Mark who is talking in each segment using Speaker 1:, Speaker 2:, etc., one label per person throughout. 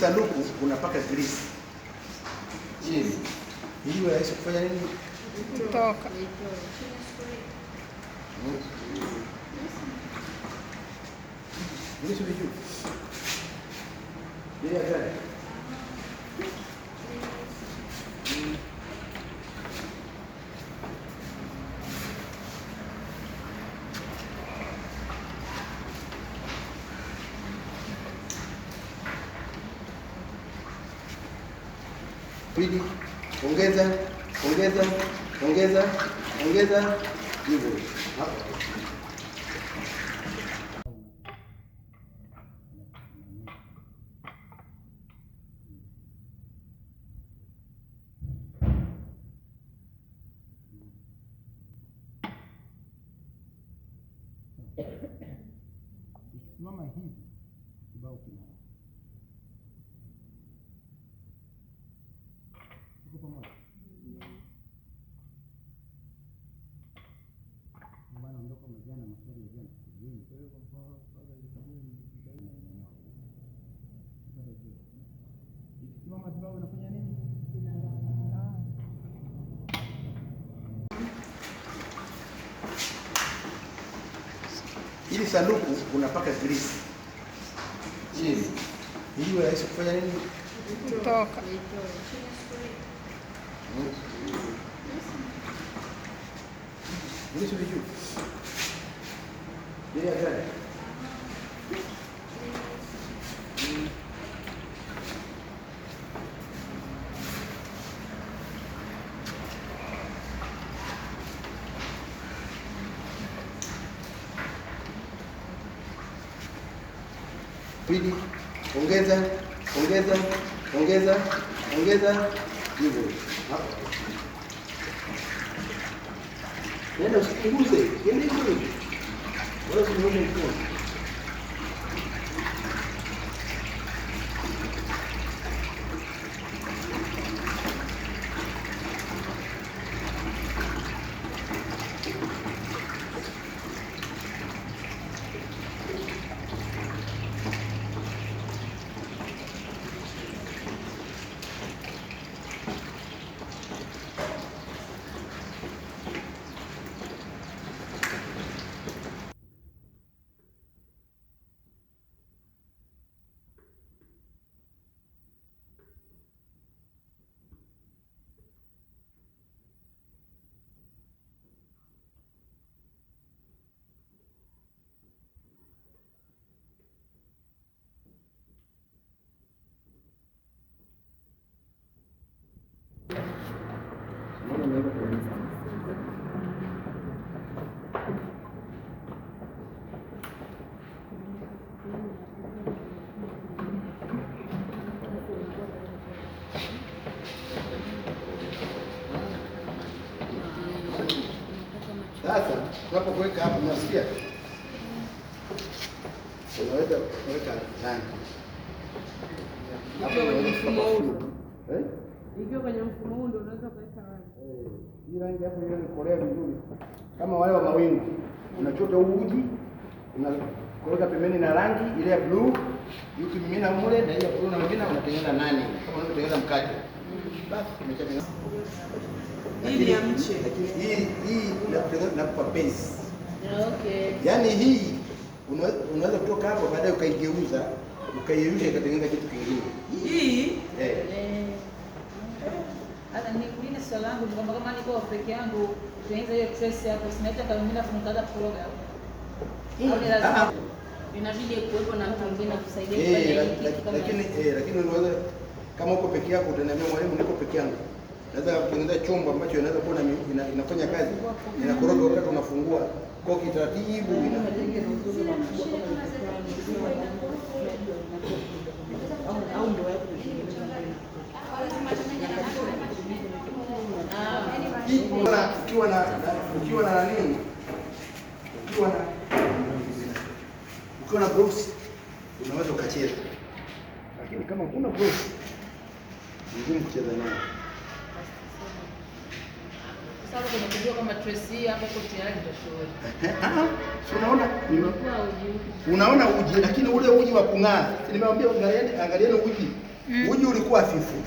Speaker 1: sanduku unapaka grease chini ili rahisi kufanya nini kutoka. Grease juu. Ile gari. pili, ongeza ongeza ongeza ongeza hivyo.
Speaker 2: Mama hivi matibabu inafanya nini? Ah.
Speaker 1: Ili sanduku unapaka grisi chini ili rahisi kufanya nini? Kutoka. Grisi juu. Bila gari. mbili, ongeza ongeza ongeza ongeza hivyo. Nenda usipunguze, ende hivyo hivyo, wala usimuone mkono Unapokuweka hapa unasikia? Unaweza kuweka ndani.
Speaker 3: Hapo ni mfumo huu. Eh? Ikiwa kwenye mfumo huu ndio unaweza kuweka rangi. Eh,
Speaker 1: hii rangi hapo ile ni kolea vizuri. Kama wale wa mawingu. Unachota huu uji, unakoroga pembeni na rangi ile ya blue, ukimimina mule na ile ya blue na mwingine unatengeneza nani? Kama unatengeneza mkate. Basi umeshatengeneza lakini Yaani hii unaweza kutoka hapo baadaye ukaigeuza ukaiusha ikatengeneza kitu kingine. Hii eh. eh.
Speaker 4: swali langu ni kwamba kama niko peke yangu hiyo hapo sinaita mm. ah. Inabidi kuwepo na mtu mwingine akusaidia
Speaker 1: eh, kufanya lakini eh, lakini unaweza kama uko peke yako utaniambia mwalimu, niko peke yangu naweza kutengeneza chombo ambacho inaweza kuwa ina, inafanya kazi inakoroga, wakati unafungua kwa kitaratibu ina ukiwa na ukiwa na ukiwa na ukiwa na unaweza ukacheza, lakini kama kuna box ni ngumu kucheza nayo.
Speaker 4: Eh, ah,
Speaker 1: ah, unaona? uji. Unaona uji lakini ule uji wa kung'aa. Nimewambia angalieni angalieni uji. Mm. Uji ulikuwa fifu. Mm.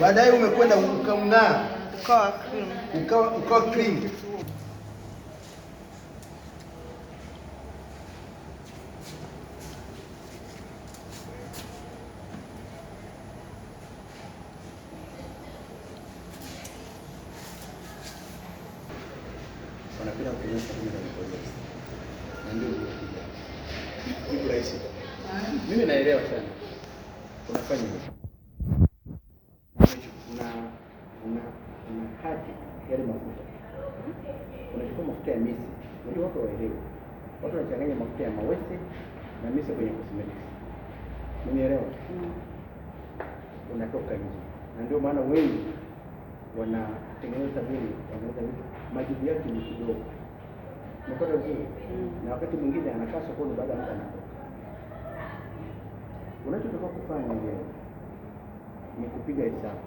Speaker 1: Baadaye umekwenda ukang'aa.
Speaker 5: Ukawa cream.
Speaker 1: Ukawa ukawa cream. mkate yale mafuta. Unachukua mafuta ya misi, unajua watu waelewe, watu wanachanganya mafuta ya mawese na misi kwenye cosmetics, unielewa? Mm. Unatoka nje, na ndio maana wengi wanatengeneza sabuni, wanaweza vitu, majibu yake ni kidogo nakata vizuri, mm. na wakati mwingine anakaa sokoni, baada ya mtu anatoka. Unachotaka kufanya leo ni kupiga hesabu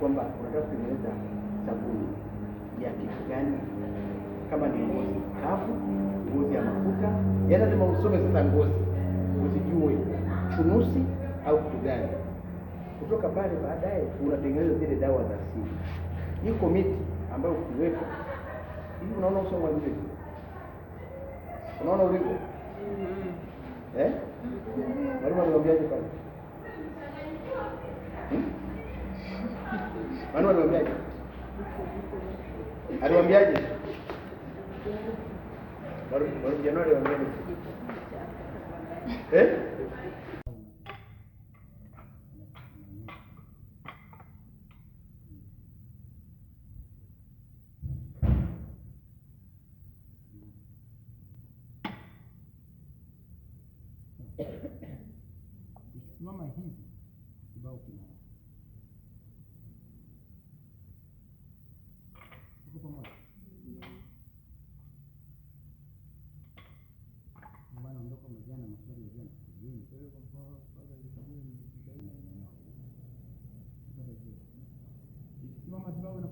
Speaker 1: kwamba unataka kutengeneza sabuni ya kitu gani? Kama ni ngozi kavu, ngozi ya mafuta, yaani lazima usome sasa ngozi, usijue chunusi au kitu gani. Kutoka pale baadaye unatengeneza zile dawa za asili. Iko miti ambayo ukiweka hivi, unaona uso wa nje, unaona ulivyo mm-hmm. eh, mwalimu aliwaambiaje pale Manu aliwaambiaje? Aliwaambiaje? Marujano aliwaambiaje? Eh?
Speaker 2: Mama hivi إمام أتباعنا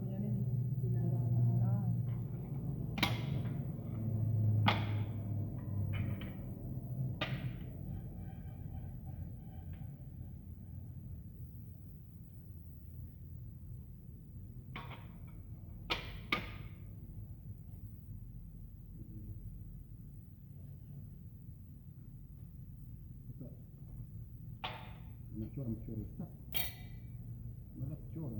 Speaker 2: kuchora mchoro safi. Unaweza kuchora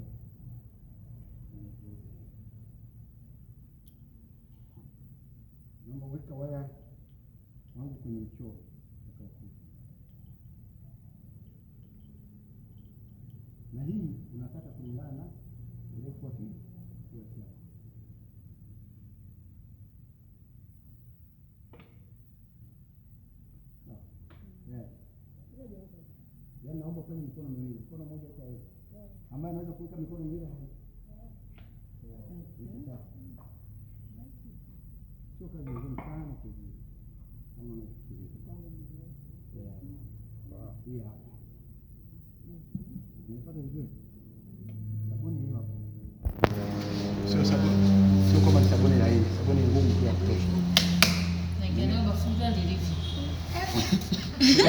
Speaker 2: namba, weka waya wangu kwenye mchoro na hii unakata kulingana na urefu wa mkono mmoja utaweza, ambaye anaweza kuweka mikono miwili sio kazi ngumu sana kujua kama unafikiria nimepata vizuri. Sabuni hiyo hapo,
Speaker 6: sio sabuni, sio kama ni sabuni laini, sabuni ngumu tu ya kutosha.
Speaker 4: Naendelea mafunzo nilivyo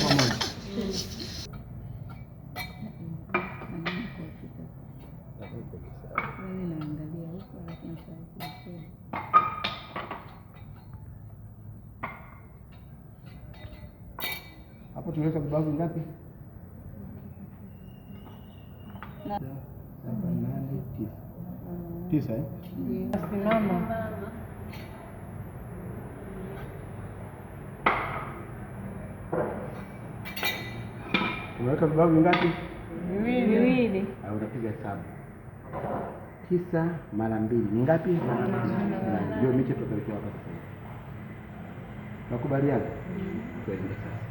Speaker 6: pamoja
Speaker 2: wangu ngapi? Saba, nane, tisa. Tisa eh? Simama. Unaweka vibabu vingapi?
Speaker 5: Viwili.
Speaker 1: Au ah, unapiga saba. Tisa mara mbili ni ngapi? Ndio miche tutawekea hapa sasa. Nakubaliana? Mm. Tuende sasa.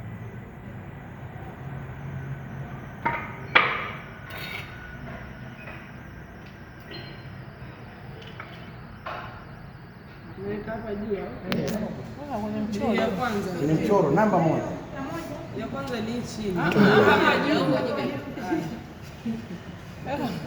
Speaker 1: ni mchoro namba moja
Speaker 5: ya kwanza ni chini ah,